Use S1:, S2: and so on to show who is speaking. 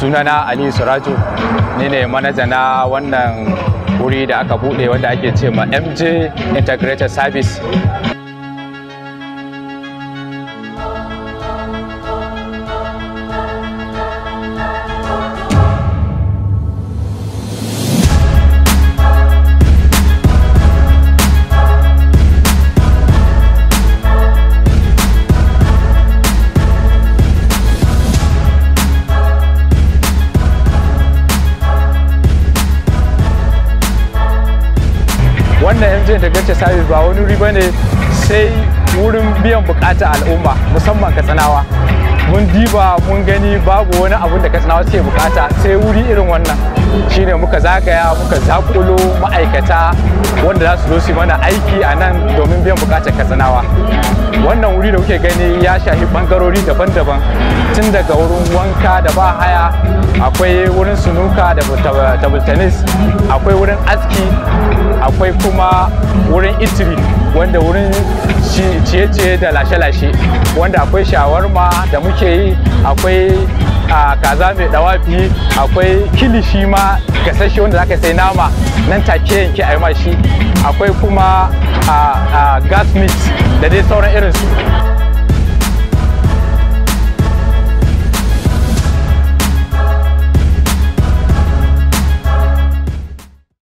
S1: sunana ali surajo ni ne manaja na wannan wuri da aka bude wanda ake ce ma mj integrated service wannan mtn integrated service ba wani wuri bane sai wurin biyan bukatar al'umma musamman katsinawa mun diba mun gani babu wani abun da katsinawa suke bukata sai wuri irin wannan shine muka zagaya muka zakulo ma'aikata wanda za su zo su mana aiki a nan domin biyan bukatar katsinawa wannan wuri da kuke gani ya shafi bangarori daban-daban tun daga wurin wanka da ba haya akwai wurin sunuka da akwai wurin aski akwai kuma wurin itiri wanda wurin ciye-ciye da lashe-lashe wanda akwai shawarma da muke yi akwai a kaza mai dawafi akwai kilishi ma gasashe wanda ka sai nama nan take yanke a mashi akwai kuma a gas meat da dai sauran irinsu